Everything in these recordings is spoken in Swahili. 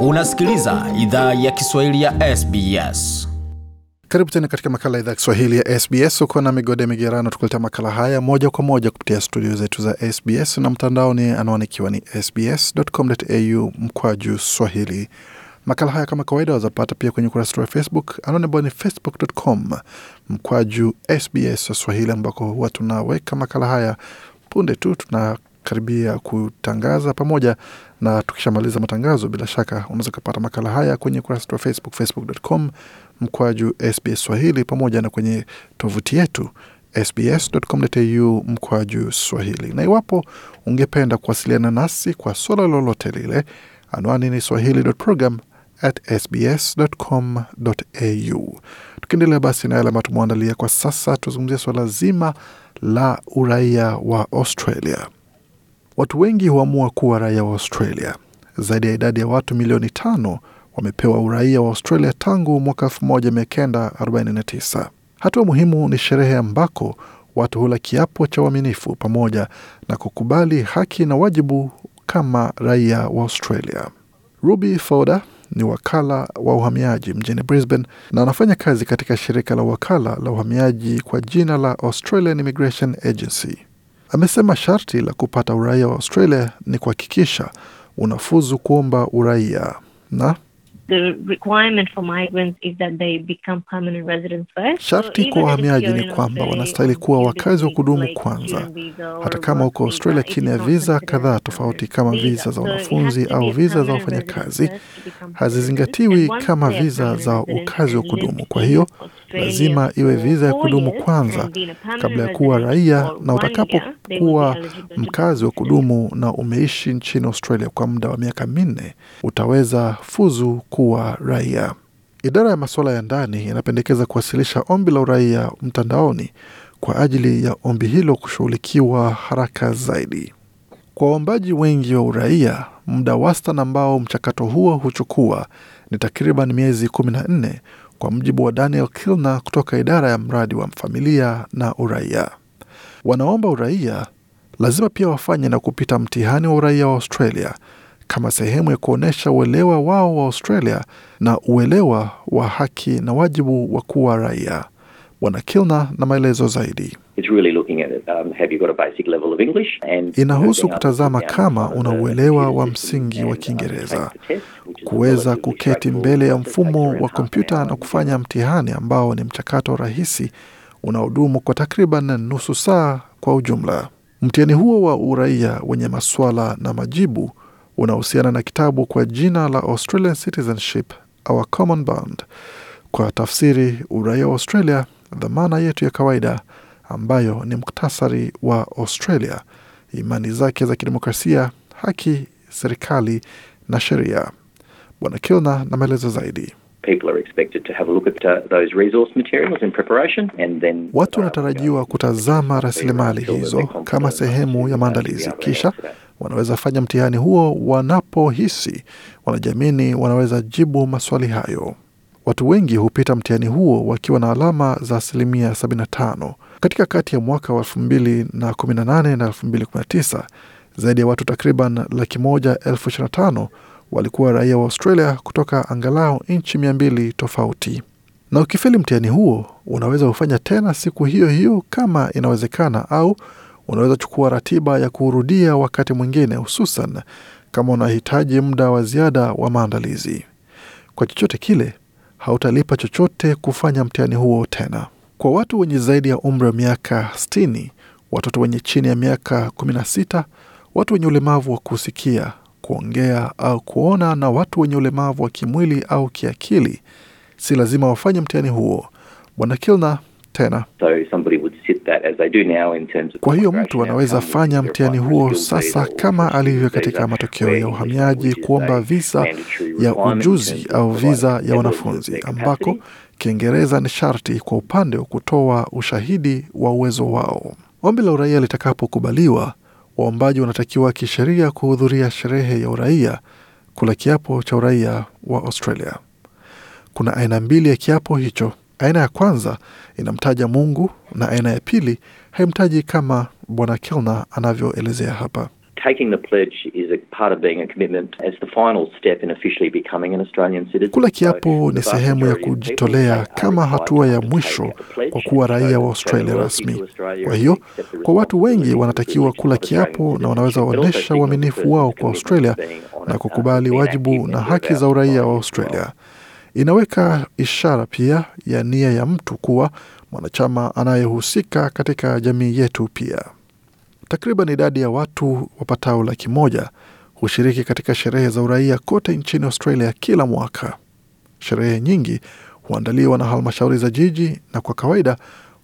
Unasikiliza idhaa ya Kiswahili ya SBS. Karibu tena katika makala idhaa ya Kiswahili ya SBS. Uko na migode migerano, tukuletea makala haya moja kwa moja kupitia studio zetu za SBS na mtandaoni, anwani ikiwa ni sbs.com.au mkwaju swahili. Makala haya kama kawaida wazapata pia kwenye ukurasa wetu wa Facebook, anwani ambayo ni facebook.com mkwaju SBS Swahili, ambako huwa tunaweka makala haya punde tu tuna tunakaribia kutangaza pamoja na tukishamaliza matangazo, bila shaka unaweza kupata makala haya kwenye ukurasa wetu wa Facebook, facebook.com mkwaju SBS Swahili, pamoja na kwenye tovuti yetu sbs.com.au mkwaju Swahili. Na iwapo ungependa kuwasiliana nasi kwa swala lolote lile, anwani ni swahili.program sbs.com.au. Tukiendelea basi na yale ambayo tumeandalia kwa sasa, tuzungumzia swala zima la uraia wa Australia. Watu wengi huamua kuwa raia wa Australia. Zaidi ya idadi ya watu milioni tano wamepewa uraia wa Australia tangu mwaka 1949. Hatua muhimu ni sherehe ambako watu hula kiapo cha uaminifu pamoja na kukubali haki na wajibu kama raia wa Australia. Ruby Foda ni wakala wa uhamiaji mjini Brisbane na anafanya kazi katika shirika la wakala la uhamiaji kwa jina la Australian Immigration Agency. Amesema sharti la kupata uraia wa Australia ni kuhakikisha unafuzu kuomba uraia na The requirement for migrants is that they become permanent residents first. Sharti so kwa wahamiaji ni kwamba wanastahili kuwa wakazi wa kudumu kwanza, hata kama uko Australia chini ya viza kadhaa tofauti kama viza za wanafunzi au viza za wafanyakazi, hazizingatiwi kama viza za ukazi wa kudumu. Kwa hiyo lazima iwe viza ya kudumu kwanza kabla ya kuwa raia, na utakapokuwa mkazi wa kudumu na umeishi nchini Australia kwa muda wa miaka minne utaweza fuzu mkuu wa raia. Idara ya masuala ya ndani inapendekeza kuwasilisha ombi la uraia mtandaoni kwa ajili ya ombi hilo kushughulikiwa haraka zaidi. Kwa waombaji wengi wa uraia, muda wastani ambao mchakato huo huchukua ni takriban miezi 14 kwa mujibu wa Daniel Kilner kutoka idara ya mradi wa familia na uraia. Wanaomba uraia lazima pia wafanye na kupita mtihani wa uraia wa Australia kama sehemu ya kuonyesha uelewa wao wa Australia na uelewa wa haki na wajibu wa kuwa raia. Bwana Kilna na maelezo zaidi. Um, Inahusu kutazama kama una uelewa wa msingi wa um, Kiingereza, kuweza kuketi mbele ya mfumo wa kompyuta na kufanya mtihani ambao ni mchakato rahisi unaodumu kwa takriban nusu saa. Kwa ujumla, mtihani huo wa uraia wenye maswala na majibu unahusiana na kitabu kwa jina la Australian Citizenship Our Common Bond, kwa tafsiri uraia wa Australia, dhamana yetu ya kawaida, ambayo ni muktasari wa Australia, imani zake za kidemokrasia, haki, serikali na sheria. Bwana Kilna na maelezo zaidi. Uh, Watu wanatarajiwa uh, kutazama rasilimali hizo kama sehemu ya maandalizi, kisha wanaweza fanya mtihani huo wanapohisi wanajamini wanaweza jibu maswali hayo. Watu wengi hupita mtihani huo wakiwa na alama za asilimia 75. Katika kati ya mwaka wa 2018 na 2019, zaidi ya watu takriban laki moja elfu walikuwa raia wa Australia kutoka angalau nchi 200 tofauti. Na ukifeli mtihani huo, unaweza kufanya tena siku hiyo hiyo kama inawezekana, au unaweza chukua ratiba ya kurudia wakati mwingine, hususan kama unahitaji muda wa ziada wa maandalizi. Kwa chochote kile, hautalipa chochote kufanya mtihani huo tena. Kwa watu wenye zaidi ya umri wa miaka 60, watoto wenye chini ya miaka 16, watu wenye ulemavu wa kusikia, kuongea au kuona, na watu wenye ulemavu wa kimwili au kiakili, si lazima wafanye mtihani huo. Bwana Kilna tena so kwa hiyo mtu anaweza fanya mtihani huo sasa, kama alivyo katika matokeo ya uhamiaji, kuomba visa ya ujuzi au visa ya wanafunzi, ambako Kiingereza ni sharti kwa upande wa kutoa ushahidi wa uwezo wao. Ombi la uraia litakapokubaliwa, waombaji wanatakiwa kisheria kuhudhuria sherehe ya uraia, kula kiapo cha uraia wa Australia. Kuna aina mbili ya kiapo hicho. Aina ya kwanza inamtaja Mungu na aina ya pili haimtaji, kama Bwana Kellner anavyoelezea hapa. Kula kiapo ni sehemu ya kujitolea kama hatua ya mwisho kwa kuwa raia wa Australia rasmi. Kwa hiyo, kwa watu wengi wanatakiwa kula kiapo na wanaweza waonyesha uaminifu wao kwa Australia na kukubali wajibu na haki za uraia wa Australia. Inaweka ishara pia ya nia ya mtu kuwa mwanachama anayehusika katika jamii yetu. Pia takriban idadi ya watu wapatao laki moja hushiriki katika sherehe za uraia kote nchini Australia kila mwaka. Sherehe nyingi huandaliwa na halmashauri za jiji na kwa kawaida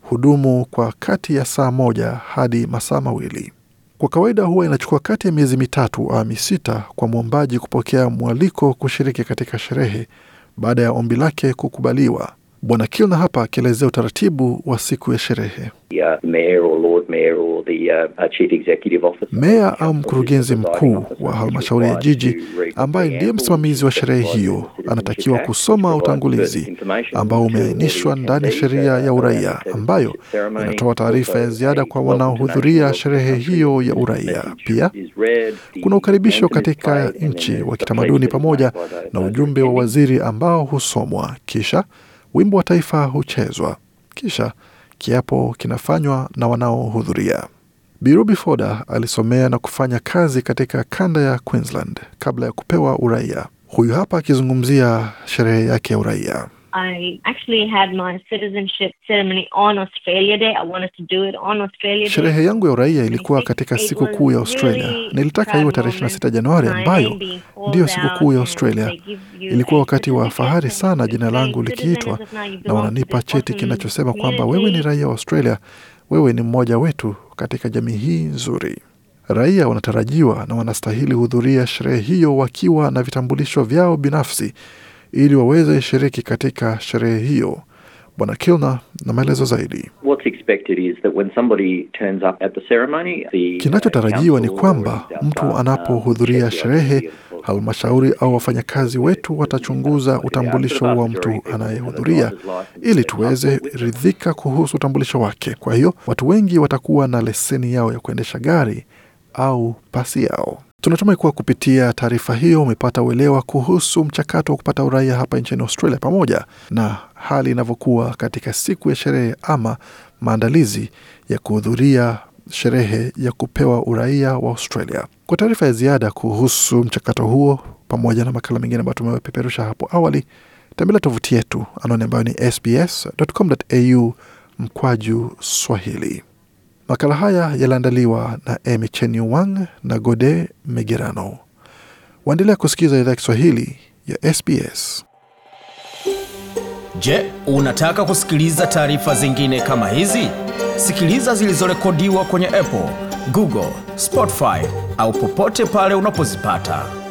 hudumu kwa kati ya saa moja hadi masaa mawili. Kwa kawaida huwa inachukua kati ya miezi mitatu au misita kwa mwombaji kupokea mwaliko kushiriki katika sherehe baada ya ombi lake kukubaliwa Bwana Kilna hapa akielezea utaratibu wa siku ya sherehe. Meya uh, uh, au mkurugenzi mkuu wa halmashauri ya jiji ambaye ndiye msimamizi wa sherehe hiyo anatakiwa kusoma utangulizi ambao umeainishwa ndani ya sheria ya uraia ambayo inatoa taarifa ya ziada kwa wanaohudhuria sherehe hiyo ya uraia. Pia kuna ukaribisho katika nchi wa kitamaduni pamoja na ujumbe wa waziri ambao husomwa kisha wimbo wa taifa huchezwa, kisha kiapo kinafanywa na wanaohudhuria. Birubi Foda alisomea na kufanya kazi katika kanda ya Queensland kabla ya kupewa uraia. Huyu hapa akizungumzia sherehe yake ya uraia. I actually had my citizenship ceremony on Australia Day. I wanted to do it on Australia Day. Sherehe yangu ya uraia ilikuwa katika siku kuu ya Australia. Nilitaka iwe tarehe 26 Januari ambayo ndiyo siku kuu ya Australia. Ilikuwa wakati wa fahari sana jina langu likiitwa na wananipa cheti kinachosema mm, kwamba wewe ni raia wa Australia, wewe ni mmoja wetu katika jamii hii nzuri. Raia wanatarajiwa na wanastahili hudhuria sherehe hiyo wakiwa na vitambulisho vyao binafsi ili waweze shiriki katika sherehe hiyo. Bwana Kilna na maelezo zaidi. Uh, Kinachotarajiwa ni kwamba mtu anapohudhuria sherehe, halmashauri au wafanyakazi wetu watachunguza utambulisho wa mtu anayehudhuria ili tuweze ridhika kuhusu utambulisho wake. Kwa hiyo watu wengi watakuwa na leseni yao ya kuendesha gari au pasi yao. Tunatumai kuwa kupitia taarifa hiyo umepata uelewa kuhusu mchakato wa kupata uraia hapa nchini Australia, pamoja na hali inavyokuwa katika siku ya sherehe ama maandalizi ya kuhudhuria sherehe ya kupewa uraia wa Australia. Kwa taarifa ya ziada kuhusu mchakato huo pamoja na makala mengine ambayo tumepeperusha hapo awali, tembelea tovuti yetu anaoni ambayo ni sbs.com.au mkwaju Swahili. Makala haya yaliandaliwa na Emy Chenyu Wang na Gode Megerano. Waendelea kusikiza idhaa Kiswahili ya SBS. Je, unataka kusikiliza taarifa zingine kama hizi? Sikiliza zilizorekodiwa kwenye Apple, Google, Spotify au popote pale unapozipata.